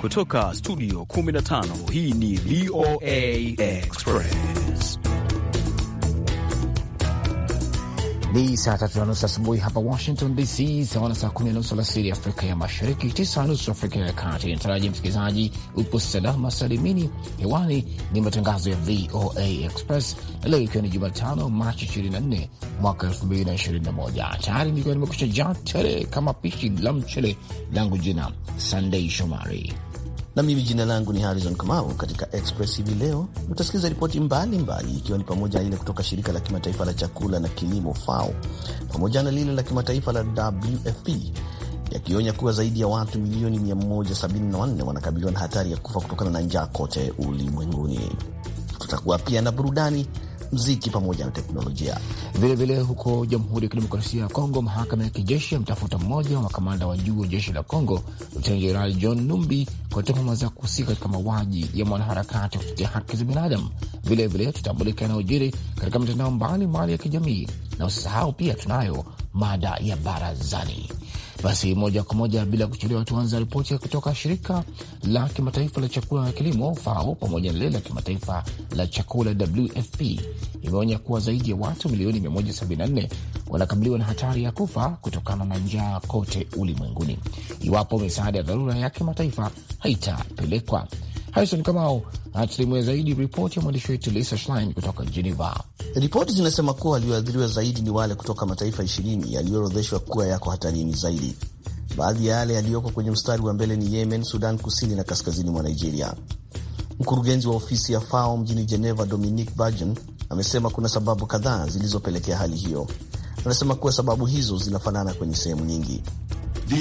Kutoka studio 15 hii ni VOA Express. Ni saa tatu na nusu asubuhi hapa Washington DC, sawa na saa kumi na nusu alasiri Afrika ya Mashariki, tisa na nusu Afrika ya Kati. Nataraji msikilizaji upo salama salimini. Hewani ni matangazo ya VOA Express na leo ikiwa ni Jumatano, Machi 24 mwaka 2021. Tayari nikiwa nimekusha jaa tele kama pishi la mchele, langu jina Sandei Shomari na mimi jina langu ni Harrison Kamau. Katika Express hivi leo utasikiliza ripoti mbalimbali, ikiwa ni pamoja na ile kutoka shirika la kimataifa la chakula na kilimo FAO pamoja na lile la kimataifa la WFP yakionya kuwa zaidi ya watu milioni 174 wanakabiliwa na hatari ya kufa kutokana na njaa kote ulimwenguni. Tutakuwa pia na burudani mziki pamoja na teknolojia. Vilevile huko Jamhuri ya Kidemokrasia ya Kongo, mahakama ya kijeshi yamtafuta mmoja wa makamanda wa juu wa jeshi la Kongo, Luteni Jenerali John Numbi, kwa tuhuma za kuhusika katika mauaji ya mwanaharakati wa kutetea haki za binadamu. Vilevile tutambulika yanayojiri katika mitandao mbalimbali ya kijamii, na usisahau pia tunayo mada ya barazani. Basi moja kwa moja bila kuchelewa, tuanza ripoti kutoka shirika la kimataifa la chakula na kilimo FAO pamoja na lile la kimataifa la chakula WFP imeonya kuwa zaidi ya watu milioni 174 wanakabiliwa na hatari ya kufa kutokana na njaa kote ulimwenguni iwapo misaada ya dharura ya kimataifa haitapelekwa. Harison Kamau anatulimia zaidi ripoti ya mwandishi wetu Lisa Schlein kutoka Geneva. Ripoti zinasema kuwa walioathiriwa zaidi ni wale kutoka mataifa ishirini yaliyoorodheshwa kuwa yako hatarini zaidi. Baadhi ya yale yaliyoko kwenye mstari wa mbele ni Yemen, Sudan Kusini na kaskazini mwa Nigeria. Mkurugenzi wa ofisi ya FAO mjini Geneva, Dominic Burgeon, amesema kuna sababu kadhaa zilizopelekea hali hiyo. Anasema kuwa sababu hizo zinafanana kwenye sehemu nyingi. Uh,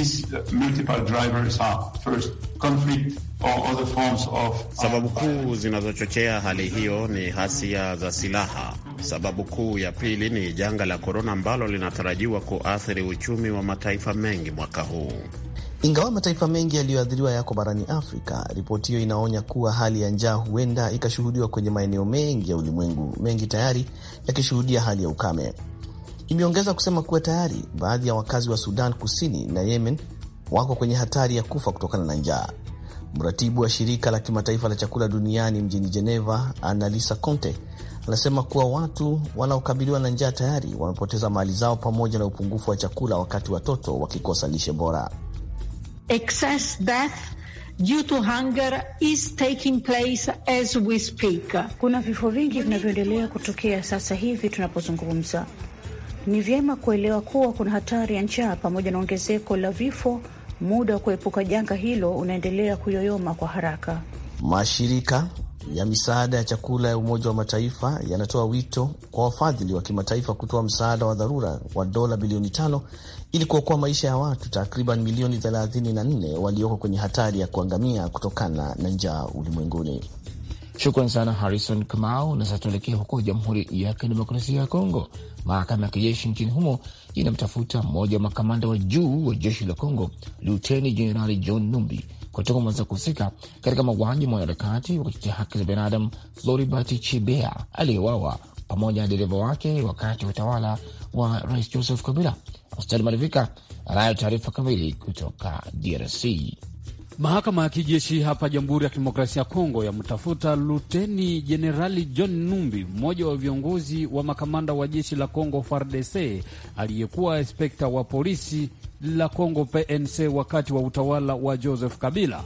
Sababu kuu zinazochochea hali hiyo ni hasia za silaha. Sababu kuu ya pili ni janga la korona ambalo linatarajiwa kuathiri uchumi wa mataifa mengi mwaka huu. Ingawa mataifa mengi yaliyoathiriwa yako barani Afrika, ripoti hiyo inaonya kuwa hali ya njaa huenda ikashuhudiwa kwenye maeneo mengi ya ulimwengu, mengi tayari yakishuhudia hali ya ukame. Imeongeza kusema kuwa tayari baadhi ya wakazi wa Sudan Kusini na Yemen wako kwenye hatari ya kufa kutokana na njaa. Mratibu wa shirika la kimataifa la chakula duniani mjini Geneva, Annalisa Conte, anasema kuwa watu wanaokabiliwa na njaa tayari wamepoteza mali zao pamoja na upungufu wa chakula, wakati watoto wakikosa lishe bora. Excess death due to hunger is taking place as we speak. Kuna vifo vingi vinavyoendelea kutokea sasa hivi tunapozungumza ni vyema kuelewa kuwa kuna hatari ya njaa pamoja na ongezeko la vifo. Muda wa kuepuka janga hilo unaendelea kuyoyoma kwa haraka. Mashirika ya misaada ya chakula ya Umoja wa Mataifa yanatoa wito kwa wafadhili wa kimataifa kutoa msaada wa dharura wa dola bilioni tano ili kuokoa maisha ya watu takriban milioni 34 walioko kwenye hatari ya kuangamia kutokana na njaa ulimwenguni. Shukran sana Harrison Kamau. Na sasa tuelekee huko Jamhuri ya Kidemokrasia ya Kongo mahakama ya kijeshi nchini humo inamtafuta mmoja wa makamanda wa juu wa jeshi la congo luteni jenerali John Numbi kwa tuhuma za kuhusika katika mauaji mwanaharakati wa kutetea haki za binadamu Floribert chibea aliyewawa pamoja na dereva wake wakati wa utawala wa rais Joseph Kabila. Hostali Marivika anayo taarifa kamili kutoka DRC. Mahakama ya kijeshi hapa Jamhuri ya Kidemokrasia ya Kongo yamtafuta Luteni Jenerali John Numbi, mmoja wa viongozi wa makamanda wa jeshi la Kongo FARDC, aliyekuwa inspekta wa polisi la Kongo PNC wakati wa utawala wa Joseph Kabila,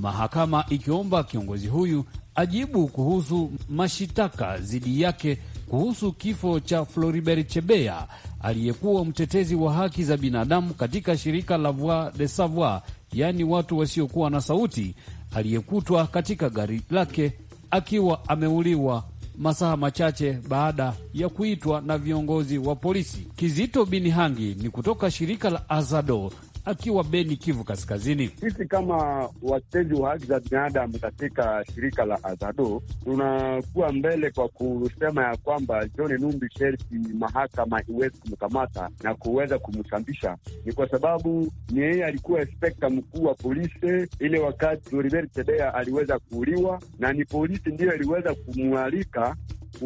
mahakama ikiomba kiongozi huyu ajibu kuhusu mashitaka dhidi yake kuhusu kifo cha Floribert Chebeya, aliyekuwa mtetezi wa haki za binadamu katika shirika la Voix de Savoir yaani watu wasiokuwa na sauti, aliyekutwa katika gari lake akiwa ameuliwa masaa machache baada ya kuitwa na viongozi wa polisi. Kizito Binihangi ni kutoka shirika la Azado akiwa Beni, Kivu Kaskazini. Sisi kama watetezi wa haki za binadamu katika shirika la Azado tunakuwa mbele kwa kusema ya kwamba John Numbi sherti mahakama iweze kumkamata na kuweza kumsambisha, ni kwa sababu ni yeye alikuwa inspekta mkuu wa polisi ile wakati Floribert tebea aliweza kuuliwa, na ni polisi ndiyo aliweza kumwalika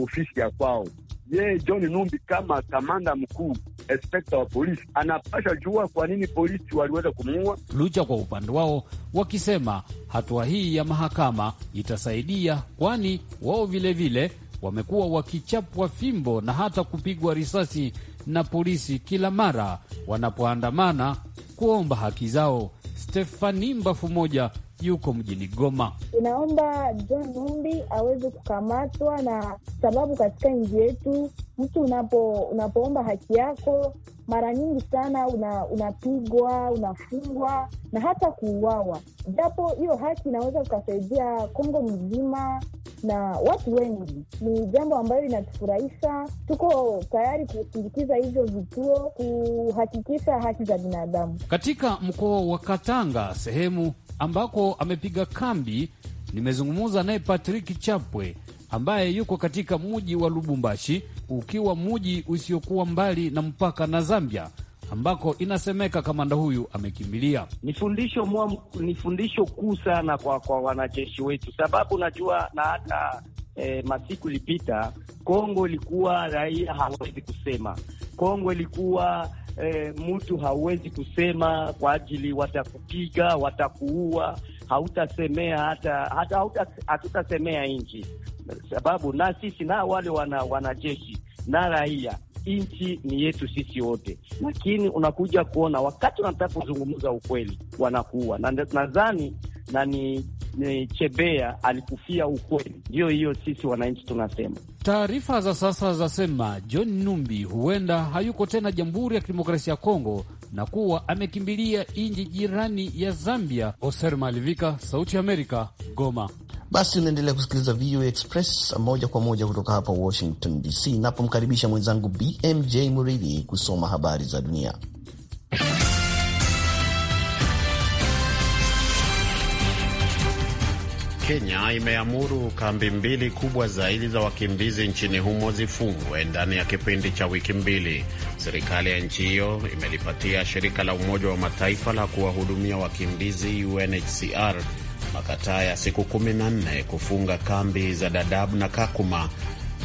ofisi ya kwao yeye John Numbi kama kamanda mkuu inspekta wa polisi anapasha jua kwa nini polisi waliweza kumuua Lucha. Kwa upande wao wakisema hatua hii ya mahakama itasaidia, kwani wao vilevile wamekuwa wakichapwa fimbo na hata kupigwa risasi na polisi kila mara wanapoandamana kuomba haki zao. Stefani Mbafu moja yuko mjini Goma. Inaomba John mumbi aweze kukamatwa, na sababu katika nchi yetu mtu unapo, unapoomba haki yako mara nyingi sana una, unapigwa, unafungwa na hata kuuawa, japo hiyo haki inaweza kukasaidia Kongo mzima na watu wengi. Ni jambo ambayo inatufurahisha. Tuko tayari kusindikiza hivyo vituo kuhakikisha haki za binadamu katika mkoa wa Katanga, sehemu ambako amepiga kambi. Nimezungumza naye Patrick Chapwe ambaye yuko katika mji wa Lubumbashi, ukiwa mji usiokuwa mbali na mpaka na Zambia ambako inasemeka kamanda huyu amekimbilia. Ni fundisho mwa, ni fundisho kuu sana kwa, kwa wanajeshi wetu, sababu najua na hata eh, masiku ilipita Kongo ilikuwa raia hawezi kusema, Kongo ilikuwa eh, mtu hauwezi kusema kwa ajili watakupiga, watakuua, hautasemea hata hata hauta, hatutasemea nchi, sababu na sisi na wale wana wanajeshi na raia nchi ni yetu sisi wote, lakini unakuja kuona wakati wanataka kuzungumza ukweli wanakuwa na, nadhani na ni Chebea alikufia ukweli. Ndiyo hiyo, sisi wananchi tunasema. Taarifa za sasa zasema John Numbi huenda hayuko tena Jamhuri ya Kidemokrasia ya Kongo na kuwa amekimbilia nchi jirani ya Zambia. Oser Malivika, Sauti ya Amerika, Goma. Basi unaendelea kusikiliza VOA Express moja kwa moja kutoka hapa Washington DC, napomkaribisha mwenzangu BMJ Muridhi kusoma habari za dunia. Kenya imeamuru kambi mbili kubwa zaidi za wakimbizi nchini humo zifungwe ndani ya kipindi cha wiki mbili. Serikali ya nchi hiyo imelipatia shirika la Umoja wa Mataifa la kuwahudumia wakimbizi UNHCR makataa ya siku 14 kufunga kambi za Dadaab na Kakuma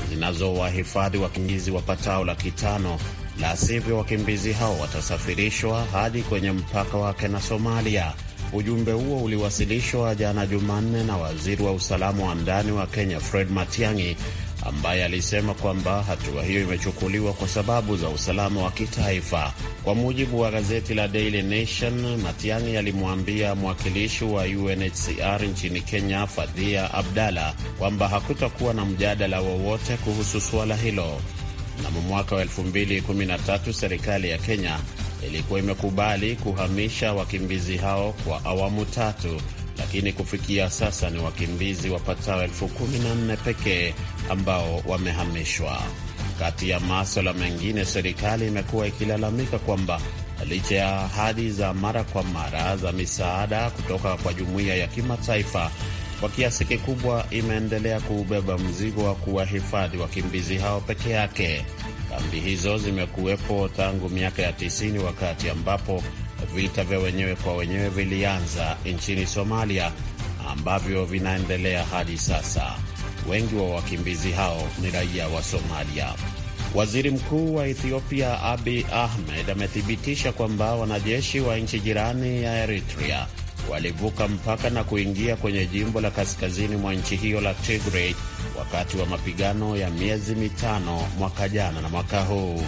zinazowahifadhi wakimbizi wapatao laki tano, la sivyo wakimbizi hao watasafirishwa hadi kwenye mpaka wake na Somalia. Ujumbe huo uliwasilishwa jana Jumanne na waziri wa usalama wa ndani wa Kenya Fred Matiang'i, ambaye alisema kwamba hatua hiyo imechukuliwa kwa sababu za usalama wa kitaifa. Kwa mujibu wa gazeti la Daily Nation, Matiang'i alimwambia mwakilishi wa UNHCR nchini Kenya Fadhia Abdalla kwamba hakutakuwa na mjadala wowote kuhusu suala hilo. Mnamo mwaka wa 2013 serikali ya Kenya ilikuwa imekubali kuhamisha wakimbizi hao kwa awamu tatu, lakini kufikia sasa ni wakimbizi wapatao elfu kumi na nne pekee ambao wamehamishwa. Kati ya maswala mengine, serikali imekuwa ikilalamika kwamba licha ya ahadi za mara kwa mara za misaada kutoka kwa jumuiya ya kimataifa, kwa kiasi kikubwa imeendelea kuubeba mzigo wa kuwahifadhi wakimbizi hao peke yake. Kambi hizo zimekuwepo tangu miaka ya 90 wakati ambapo vita vya wenyewe kwa wenyewe vilianza nchini Somalia ambavyo vinaendelea hadi sasa. Wengi wa wakimbizi hao ni raia wa Somalia. Waziri Mkuu wa Ethiopia Abiy Ahmed amethibitisha kwamba wanajeshi wa nchi jirani ya Eritrea walivuka mpaka na kuingia kwenye jimbo la kaskazini mwa nchi hiyo la Tigray wakati wa mapigano ya miezi mitano mwaka jana na mwaka huu.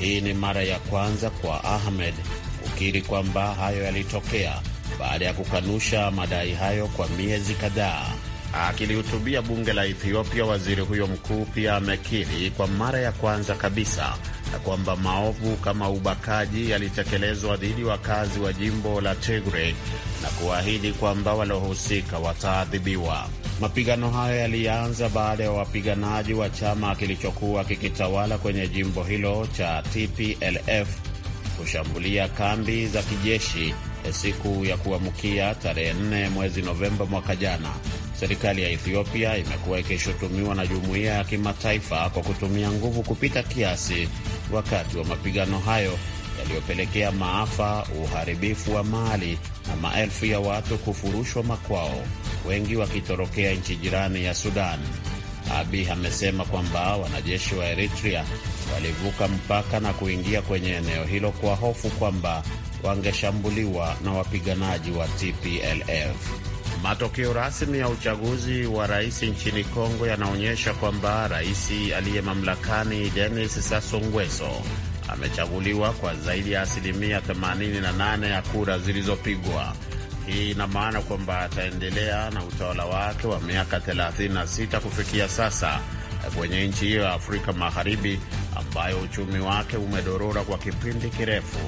Hii ni mara ya kwanza kwa Ahmed kukiri kwamba hayo yalitokea baada ya kukanusha madai hayo kwa miezi kadhaa. Akilihutubia bunge la Ethiopia, waziri huyo mkuu pia amekiri kwa mara ya kwanza kabisa na kwamba maovu kama ubakaji yalitekelezwa dhidi wakazi wa jimbo la tigre na kuahidi kwamba waliohusika wataadhibiwa. Mapigano hayo yalianza baada ya wapiganaji wa chama kilichokuwa kikitawala kwenye jimbo hilo cha TPLF kushambulia kambi za kijeshi siku ya kuamkia tarehe 4 mwezi Novemba mwaka jana. Serikali ya Ethiopia imekuwa ikishutumiwa na jumuiya ya kimataifa kwa kutumia nguvu kupita kiasi wakati wa mapigano hayo yaliyopelekea maafa, uharibifu wa mali na maelfu ya watu kufurushwa makwao, wengi wakitorokea nchi jirani ya Sudan. abi amesema kwamba wanajeshi wa Eritrea walivuka mpaka na kuingia kwenye eneo hilo kwa hofu kwamba wangeshambuliwa na wapiganaji wa TPLF. Matokeo rasmi ya uchaguzi wa rais nchini Kongo yanaonyesha kwamba rais aliye mamlakani Denis Sassou Nguesso amechaguliwa kwa zaidi ya asilimia 88 ya kura zilizopigwa. Hii ina maana kwamba ataendelea na utawala wake wa miaka 36 kufikia sasa kwenye nchi hiyo ya Afrika Magharibi ambayo uchumi wake umedorora kwa kipindi kirefu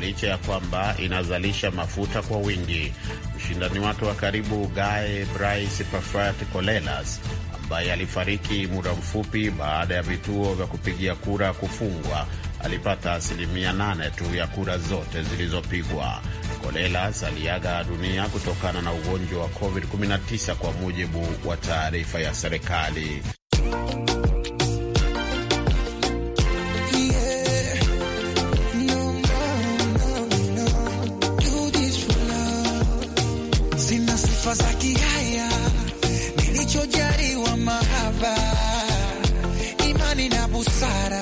licha ya kwamba inazalisha mafuta kwa wingi. Mshindani wake wa karibu Guy Brice Parfait Colelas ambaye alifariki muda mfupi baada ya vituo vya kupigia kura kufungwa alipata asilimia nane tu ya kura zote zilizopigwa. Kolelas aliaga dunia kutokana na ugonjwa wa COVID-19 kwa mujibu wa taarifa ya serikali. sifa za kihaya, nilichojaliwa mahaba, imani na busara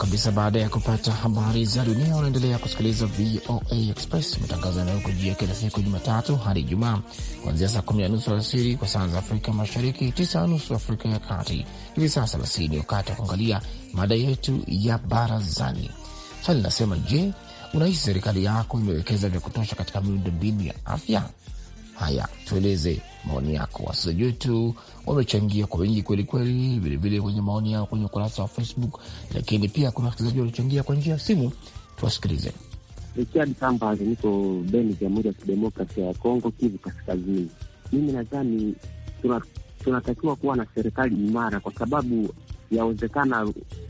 kabisa baada ya kupata habari za dunia. Unaendelea kusikiliza VOA Express, matangazo yanayokujia kila siku Jumatatu hadi Ijumaa, kuanzia saa kumi na nusu alasiri kwa saa za Afrika Mashariki, tisa na nusu Afrika ya Kati. Hivi sasa basi ni wakati wa kuangalia mada yetu ya barazani. Swali linasema, je, unahisi serikali yako imewekeza vya kutosha katika miundo mbinu ya afya? Haya, tueleze maoni yako. Wasikilizaji wetu wamechangia kwa wingi kwelikweli, vilevile kwenye maoni yao kwenye ukurasa wa Facebook, lakini pia kuna wasikilizaji waliochangia kwa njia ya simu. Tuwasikilize. Richard Kambale, niko Beni, Jamhuri ya Kidemokrasia ya Kongo, Kivu Kaskazini. Mimi nadhani tunatakiwa kuwa na serikali imara, kwa sababu yawezekana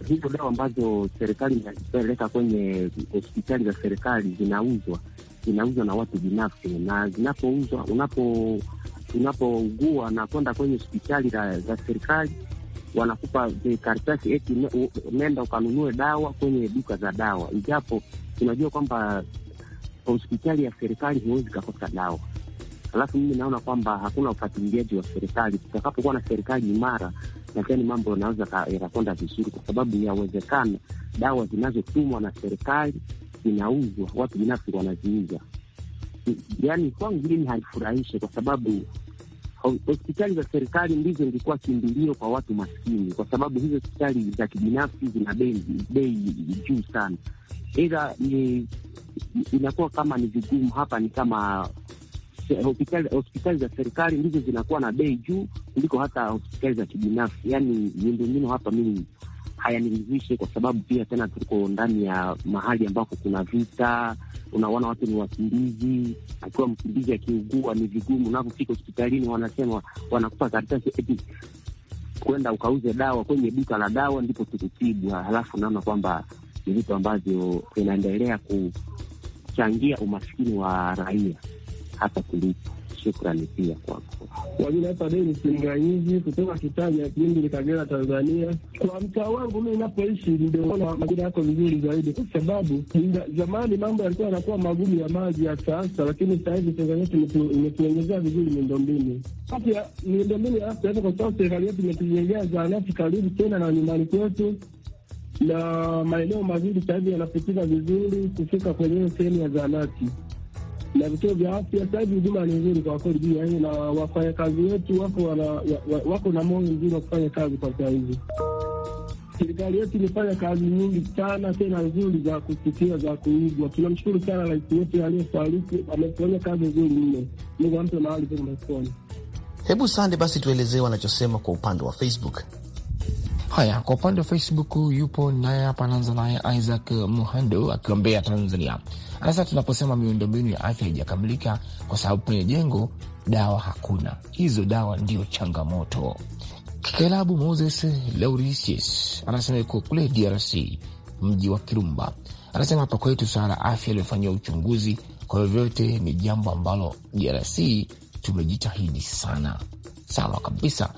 hizo dawa ambazo serikali inazipeleka kwenye hospitali za serikali zinauzwa zinauzwa na watu binafsi, na zinapouzwa unapo unapougua na kwenda kwenye hospitali za serikali, wanakupa karatasi eti nenda ukanunue dawa kwenye duka za dawa, ijapo tunajua kwamba hospitali ya serikali huwezi kakosa dawa. Alafu mimi naona kwamba hakuna ufatiliaji wa serikali. Tutakapokuwa na serikali imara, nadhani mambo yanaweza yakakwenda vizuri, kwa sababu yawezekana dawa zinazotumwa na serikali zinauzwa, watu binafsi wanaziuza yani kwangu mimi haifurahishi kwa sababu hospitali za serikali ndizo ingekuwa kimbilio kwa watu maskini, kwa sababu hizo hospitali za kibinafsi zina bei juu sana. Ila ni inakuwa kama ni vigumu hapa, ni kama hospitali, hospitali za serikali ndizo zinakuwa na bei juu kuliko hata hospitali za kibinafsi. Yani miundombinu hapa mimi hayaniridhishe, kwa sababu pia tena tuko ndani ya mahali ambako kuna vita unaona watu ni wakimbizi. Akiwa mkimbizi akiugua, ni vigumu, unapofika hospitalini wanasema wanakupa karatasi eti kwenda ukauze dawa kwenye duka la dawa ndipo tukutibu. Halafu naona kwamba ni vitu ambavyo vinaendelea kuchangia umaskini wa raia hata kulipa. Shukrani pia kwako. Kwa jina naitwa Denis Mganyizi kutoka Kitanya Kijingi, Kagera, Tanzania. Kwa mtaa wangu mi inapoishi niliona majina yako vizuri zaidi, kwa sababu zamani mambo yalikuwa yanakuwa magumu ya maji ya sasa, lakini saa hizi serikali yetu imetuongezea vizuri miundombinu afya, miundombinu ya afya, kwa sababu serikali yetu imetujengea zahanati karibu tena na nyumbani kwetu na maeneo mazuri saa hizi yanapitika vizuri kufika kwenye sehemu ya zahanati na vituo vya afya. Sasa hivi huduma ni nzuri kwa kweli juu ya yaani na wafanyakazi wetu wako wana, wako na moyo mzuri wa kufanya kazi kwa saa hizi. Serikali yetu imefanya kazi nyingi sana tena nzuri za kusikia za kuigwa. Tunamshukuru sana rais wetu aliyefariki, amefanya kazi nzuri mno. Mungu ampe mahali pema peponi. Hebu Sande, basi tuelezee wanachosema kwa upande wa Facebook. Haya, kwa upande wa Facebook yupo naye hapa, anaanza naye Isaac Muhando akiwa Mbeya, Tanzania. Anasema tunaposema miundombinu ya afya haijakamilika kwa sababu kwenye jengo dawa hakuna, hizo dawa ndiyo changamoto. Kikelabu Moses Laurisius anasema iko kule DRC, mji wa Kirumba. Anasema hapa kwetu la afya iliyofanyiwa uchunguzi, kwa vyovyote ni jambo ambalo DRC tumejitahidi sana. Sawa kabisa.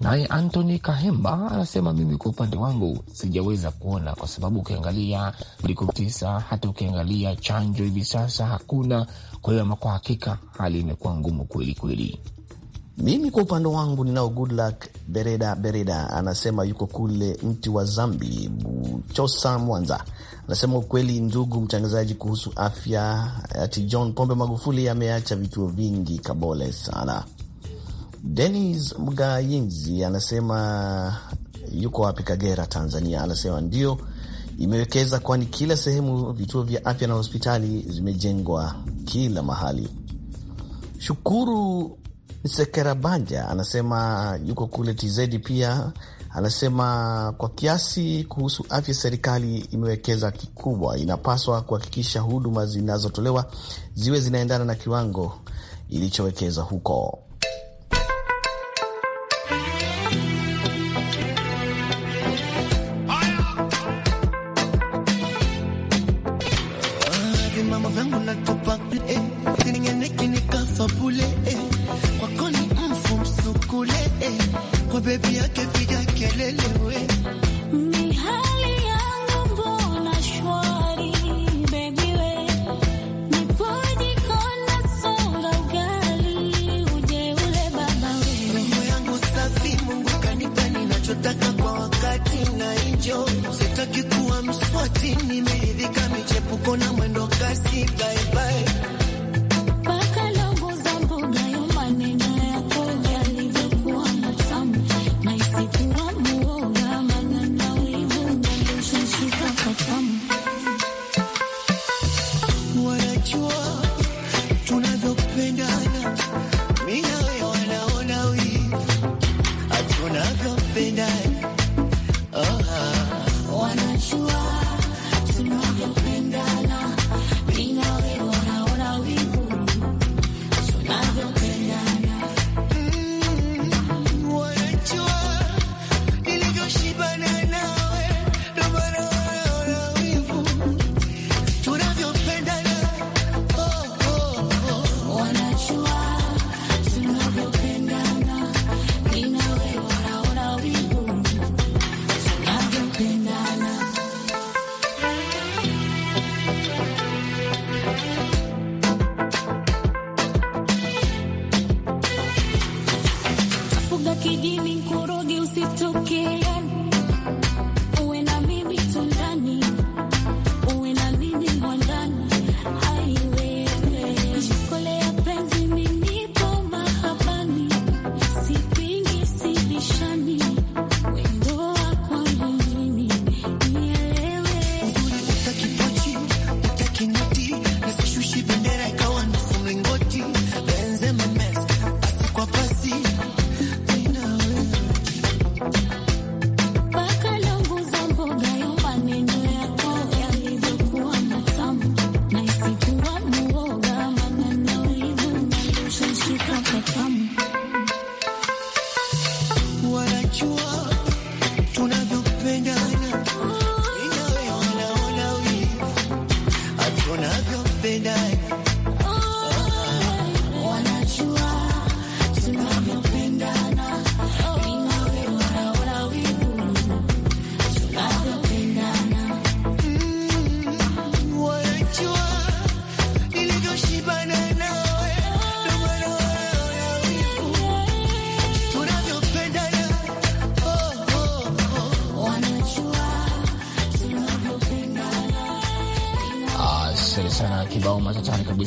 Naye Anthony Kahemba anasema mimi kwa upande wangu sijaweza kuona, kwa sababu ukiangalia covid tisa, hata ukiangalia chanjo hivi sasa hakuna. Kwa hiyo ama kwa hakika hali imekuwa ngumu kweli kweli. Mimi kwa upande wangu ninao Goodluck Bereda Bereda, anasema yuko kule mti wa Zambi, Buchosa, Mwanza. Anasema ukweli, ndugu mtangazaji, kuhusu afya, ati John Pombe Magufuli ameacha vituo vingi kabole sana. Denis Mgayinzi anasema yuko wapi? Kagera, Tanzania. Anasema ndio imewekeza, kwani kila sehemu vituo vya afya na hospitali zimejengwa kila mahali. Shukuru Sekerabanja anasema yuko kule TZ pia anasema kwa kiasi kuhusu afya, serikali imewekeza kikubwa. Inapaswa kuhakikisha huduma zinazotolewa ziwe zinaendana na kiwango ilichowekeza huko. nataka kwa wakati na injo sitaki kuwa mswati nime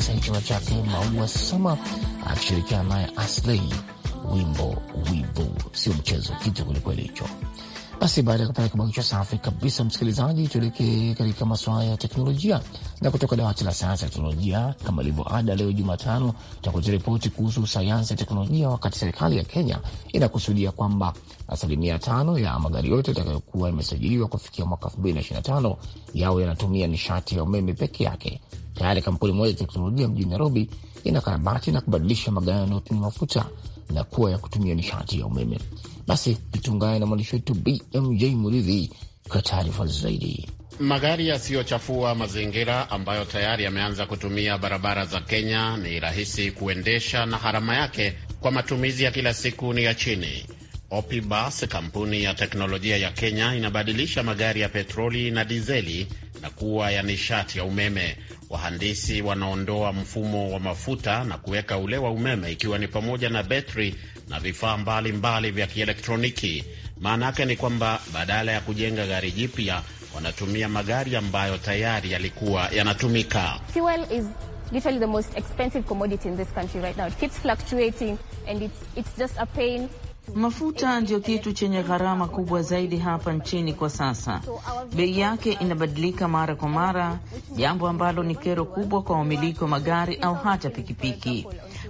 kabisa kichwa chake Maua Sama akishirikiana naye Aslei, wimbo wivu. Sio mchezo, kitu kwelikweli hicho. Basi baada ya kupata kibao cha safi kabisa, msikilizaji, tuelekee katika masuala ya teknolojia na kutoka dawati la sayansi ya teknolojia. Kama ilivyo ada, leo Jumatano tutakuletea ripoti kuhusu sayansi ya teknolojia, wakati serikali ya Kenya inakusudia kwamba asilimia tano ya magari yote yatakayokuwa yamesajiliwa kufikia mwaka elfu mbili na ishirini na tano yawe yanatumia nishati ya umeme peke yake, Tayari kampuni moja ya teknolojia mjini Nairobi inakarabati na kubadilisha magari yanayotumia mafuta na kuwa ya kutumia nishati ya umeme. Basi tutungane na mwandishi wetu BMJ Muridhi kwa taarifa zaidi. Magari yasiyochafua mazingira ambayo tayari yameanza kutumia barabara za Kenya ni rahisi kuendesha na gharama yake kwa matumizi ya kila siku ni ya chini. Opibus, kampuni ya teknolojia ya Kenya, inabadilisha magari ya petroli na dizeli na kuwa ya nishati ya umeme. Wahandisi wanaondoa mfumo wa mafuta na kuweka ule wa umeme, ikiwa ni pamoja na betri na vifaa mbalimbali vya kielektroniki. Maana yake ni kwamba badala ya kujenga gari jipya wanatumia magari ambayo tayari yalikuwa yanatumika. Fuel Mafuta ndiyo kitu chenye gharama kubwa zaidi hapa nchini kwa sasa. Bei yake inabadilika mara kwa mara, jambo ambalo ni kero kubwa kwa wamiliki wa magari au hata pikipiki.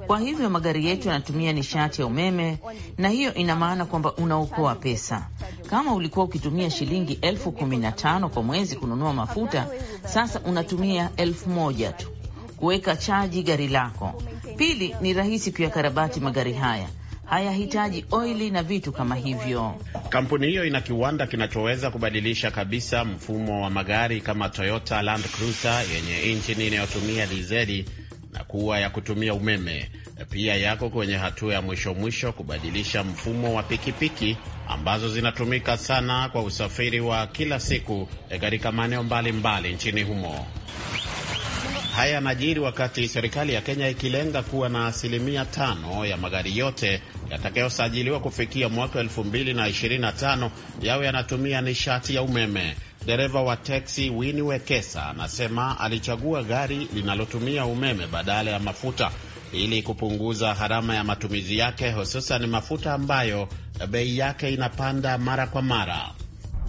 Kwa hivyo magari yetu yanatumia nishati ya umeme, na hiyo ina maana kwamba unaokoa pesa. Kama ulikuwa ukitumia shilingi elfu kumi na tano kwa mwezi kununua mafuta, sasa unatumia elfu moja tu kuweka chaji gari lako. Pili, ni rahisi kuyakarabati magari haya hayahitaji oili na vitu kama hivyo. Kampuni hiyo ina kiwanda kinachoweza kubadilisha kabisa mfumo wa magari kama Toyota Land Cruiser yenye injini inayotumia dizeli na kuwa ya kutumia umeme. Pia yako kwenye hatua ya mwisho mwisho kubadilisha mfumo wa pikipiki ambazo zinatumika sana kwa usafiri wa kila siku katika maeneo mbalimbali nchini humo. Haya yanajiri wakati serikali ya Kenya ikilenga kuwa na asilimia tano ya magari yote yatakayosajiliwa kufikia mwaka tano yawe yanatumia nishati ya umeme. Dereva wa teksi wini Wekesa anasema alichagua gari linalotumia umeme badala ya mafuta ili kupunguza gharama ya matumizi yake, hususan mafuta ambayo bei yake inapanda mara kwa mara.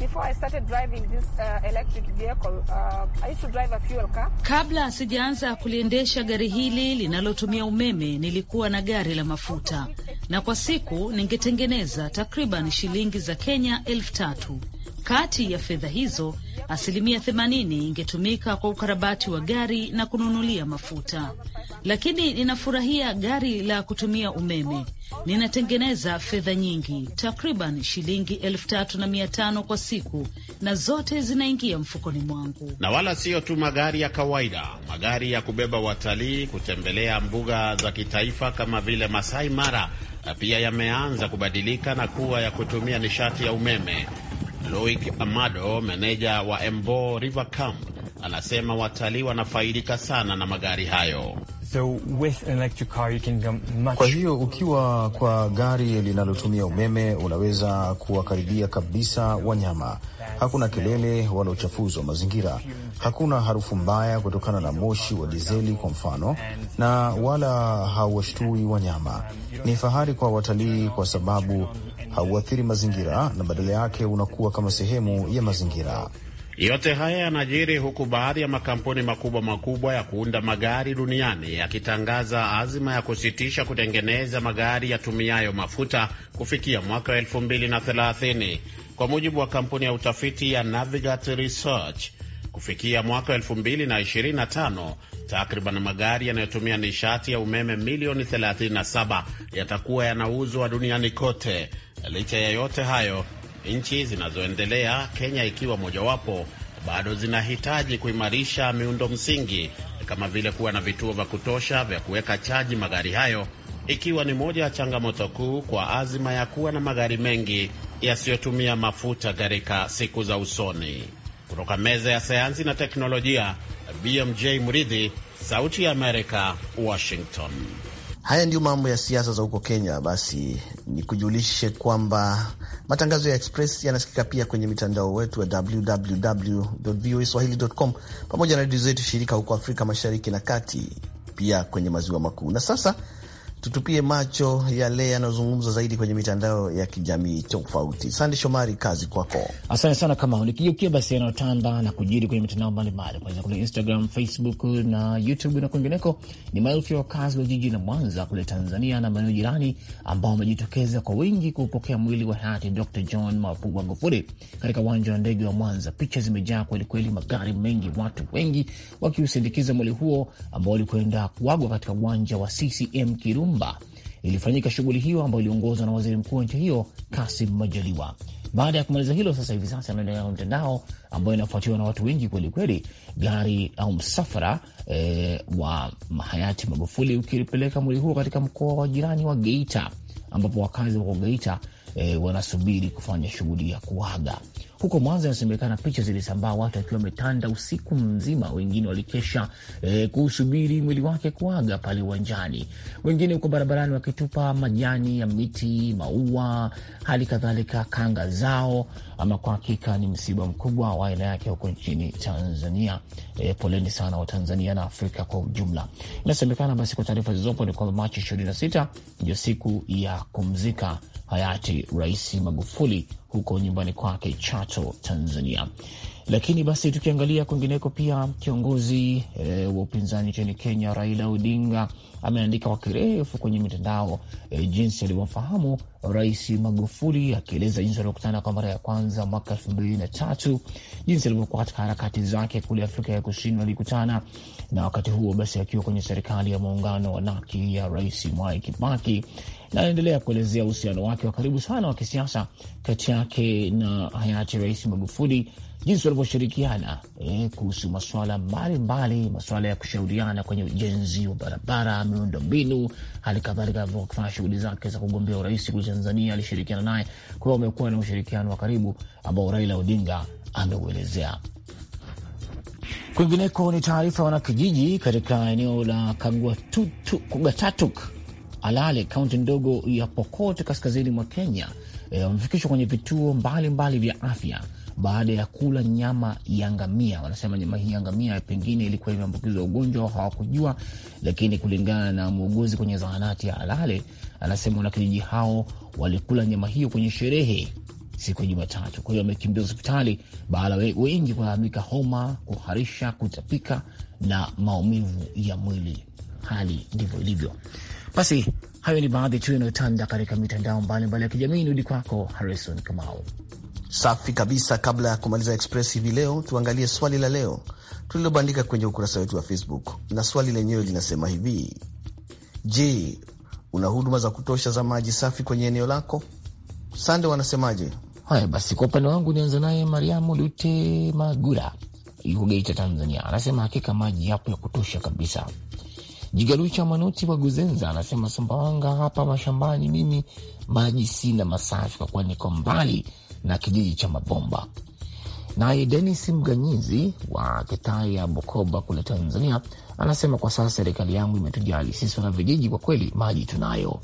Before I started driving this, uh, electric vehicle, uh, I used to drive a fuel car. Kabla sijaanza kuliendesha gari hili linalotumia umeme nilikuwa na gari la mafuta, na kwa siku ningetengeneza takriban shilingi za Kenya elfu tatu. Kati ya fedha hizo, asilimia 80 ingetumika kwa ukarabati wa gari na kununulia mafuta. Lakini ninafurahia gari la kutumia umeme, ninatengeneza fedha nyingi, takriban shilingi elfu tatu na mia tano kwa siku, na zote zinaingia mfukoni mwangu. Na wala siyo tu magari ya kawaida, magari ya kubeba watalii kutembelea mbuga za kitaifa kama vile Masai Mara pia yameanza kubadilika na kuwa ya kutumia nishati ya umeme Loic Amado, meneja wa Embo River Camp, anasema watalii wanafaidika sana na magari hayo. So with an electric car you can much... Kwa hiyo ukiwa kwa gari linalotumia umeme unaweza kuwakaribia kabisa wanyama. Hakuna kelele wala uchafuzi wa mazingira, hakuna harufu mbaya kutokana na moshi wa dizeli kwa mfano, na wala hauwashtui wanyama. Ni fahari kwa watalii kwa sababu hauathiri mazingira na badala yake unakuwa kama sehemu ya mazingira. Yote haya yanajiri huku baadhi ya makampuni makubwa makubwa ya kuunda magari duniani yakitangaza azima ya kusitisha kutengeneza magari yatumiayo mafuta kufikia mwaka 2030 kwa mujibu wa kampuni ya utafiti ya Navigate Research. Kufikia mwaka 2025 takriban magari yanayotumia nishati ya umeme milioni 37 yatakuwa yanauzwa duniani kote. Licha ya yote hayo, nchi zinazoendelea, Kenya ikiwa mojawapo, bado zinahitaji kuimarisha miundo msingi kama vile kuwa na vituo vya kutosha vya kuweka chaji magari hayo, ikiwa ni moja ya changamoto kuu kwa azima ya kuwa na magari mengi yasiyotumia mafuta katika siku za usoni. Kutoka meza ya sayansi na teknolojia, BMJ Mridhi, Sauti ya Amerika, Washington. Haya ndiyo mambo ya siasa za huko Kenya. Basi ni kujulishe kwamba matangazo ya Express yanasikika pia kwenye mitandao wetu wa www voa swahili.com pamoja na redio zetu shirika huko Afrika Mashariki na Kati, pia kwenye maziwa makuu. Na sasa tutupie macho yale yanayozungumza zaidi kwenye mitandao ya kijamii tofauti. Sande Shomari, kazi kwako. Asante sana Kamau. Nikigeukia basi yanayotanda na kujiri kwenye mitandao mbalimbali, kwanza kule Instagram, Facebook na YouTube na kwingineko, ni maelfu ya wakazi wa jiji la Mwanza kule Tanzania na maeneo jirani ambao wamejitokeza kwa wingi kuupokea mwili wa hayati Dr John Magufuli katika uwanja wa ndege wa Mwanza. Picha zimejaa kwelikweli, magari mengi, watu wengi wakiusindikiza mwili huo ambao ulikwenda kuagwa katika uwanja wa CCM Kirumi Lumumba ilifanyika shughuli hiyo ambayo iliongozwa na waziri mkuu wa nchi hiyo Kasim Majaliwa. Baada ya kumaliza hilo, sasa hivi sasa anaendelea na mtandao ambayo inafuatiwa na watu wengi kwelikweli. Gari au msafara e, wa hayati Magufuli ukilipeleka mwili huo katika mkoa wa jirani wa Geita, ambapo wakazi wako Geita e, wanasubiri kufanya shughuli ya kuaga. Huko Mwanza inasemekana picha zilisambaa watu wakiwa wametanda usiku mzima, wengine walikesha e, kusubiri mwili wake kuaga pale uwanjani, wengine huko barabarani wakitupa majani ya miti, maua, hali kadhalika kanga zao. Ama kwa hakika ni msiba mkubwa wa aina yake huko nchini Tanzania. E, poleni sana Tanzania na Afrika kwa ujumla. Inasemekana basi, kwa taarifa zilizopo ni kwamba Machi sita ndio siku ya kumzika hayati Rais Magufuli huko nyumbani kwake Chato, Tanzania. Lakini basi tukiangalia kwingineko, pia kiongozi e, wa upinzani nchini Kenya Raila Odinga ameandika kwa kirefu kwenye mitandao e, jinsi alivyofahamu Rais Magufuli, akieleza jinsi alivyokutana kwa mara ya kwanza mwaka elfu mbili na tatu, jinsi alivyokuwa katika harakati zake kule Afrika ya Kusini, walikutana na wakati huo basi akiwa kwenye serikali ya muungano wa NAKI ya Rais Mwai Kibaki, na anaendelea kuelezea uhusiano wake wa karibu sana wa kisiasa kati ya yake na hayati Rais Magufuli, jinsi walivyoshirikiana eh, kuhusu masuala mbalimbali, masuala ya kushauriana kwenye ujenzi wa barabara, miundo mbinu, hali kadhalika kufanya shughuli zake za kugombea urais kule Tanzania alishirikiana naye. Kwa hiyo wamekuwa na ushirikiano wa karibu ambao Raila Odinga ameuelezea. Kwingineko ni taarifa wanakijiji katika eneo la Kagwatatuk Alale, kaunti ndogo ya Pokot, kaskazini mwa Kenya E, wamefikishwa kwenye vituo mbalimbali mbali vya afya baada ya kula nyama ya ngamia. Wanasema nyama hii ya ngamia pengine ilikuwa imeambukizwa ugonjwa, hawakujua. Lakini kulingana na muuguzi kwenye zahanati ya Alale, anasema wanakijiji hao walikula nyama hiyo kwenye sherehe siku ya Jumatatu. Kwa hiyo wamekimbia hospitali baada wengi kulalamika homa, kuharisha, kutapika na maumivu ya mwili. Hali ndivyo ilivyo. Basi Hayo ni baadhi tu yanayotanda katika mitandao mbalimbali ya kijamii. Nirudi kwako Harrison Kamau. Safi kabisa. Kabla ya kumaliza Express hivi leo, tuangalie swali la leo tulilobandika kwenye ukurasa wetu wa Facebook, na swali lenyewe linasema hivi: Je, una huduma za kutosha za maji safi kwenye eneo lako? Sande, wanasemaje? Haya basi, kwa upande wangu nianza naye Mariamu Dute Magura, yuko Geita, Tanzania, anasema hakika maji yapo ya kutosha kabisa Jigalucha Manoti wa Guzenza anasema Sumbawanga hapa mashambani, mimi maji sina masafi kwa kuwa niko mbali na kijiji cha Mabomba. Naye Denis Mganyizi wa Ketai ya Bukoba kule Tanzania anasema kwa sasa serikali yangu imetujali sisi wana vijiji, kwa kweli maji tunayo.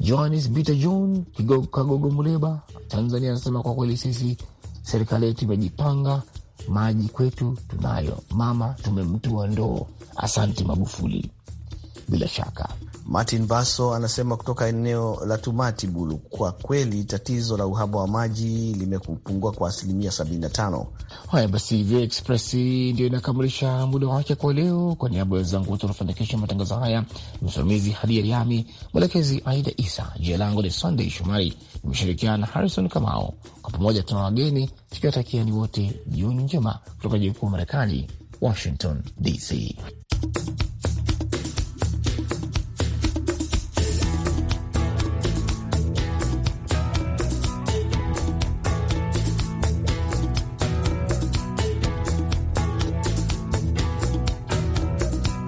Johannes Peter John Kagogo Muleba Tanzania anasema kwa kweli sisi serikali yetu imejipanga, maji kwetu tunayo, mama tumemtua ndoo. Asante Magufuli bila shaka. Martin baso anasema kutoka eneo la Tumati Bulu, kwa kweli tatizo la uhaba wa maji limepungua kwa asilimia 75. Haya basi, VOA Express ndio inakamilisha muda wake kwa leo. Kwa niaba ya wenzangu wote wanafanikisha matangazo haya, msimamizi Hadia Riami, mwelekezi Aida Isa, jina langu ni Sunday Shomari, nimeshirikiana na Harrison Kamao. Kwa pamoja tuna wageni tukiwatakia ni wote jioni njema kutoka jikuu Marekani, Washington DC.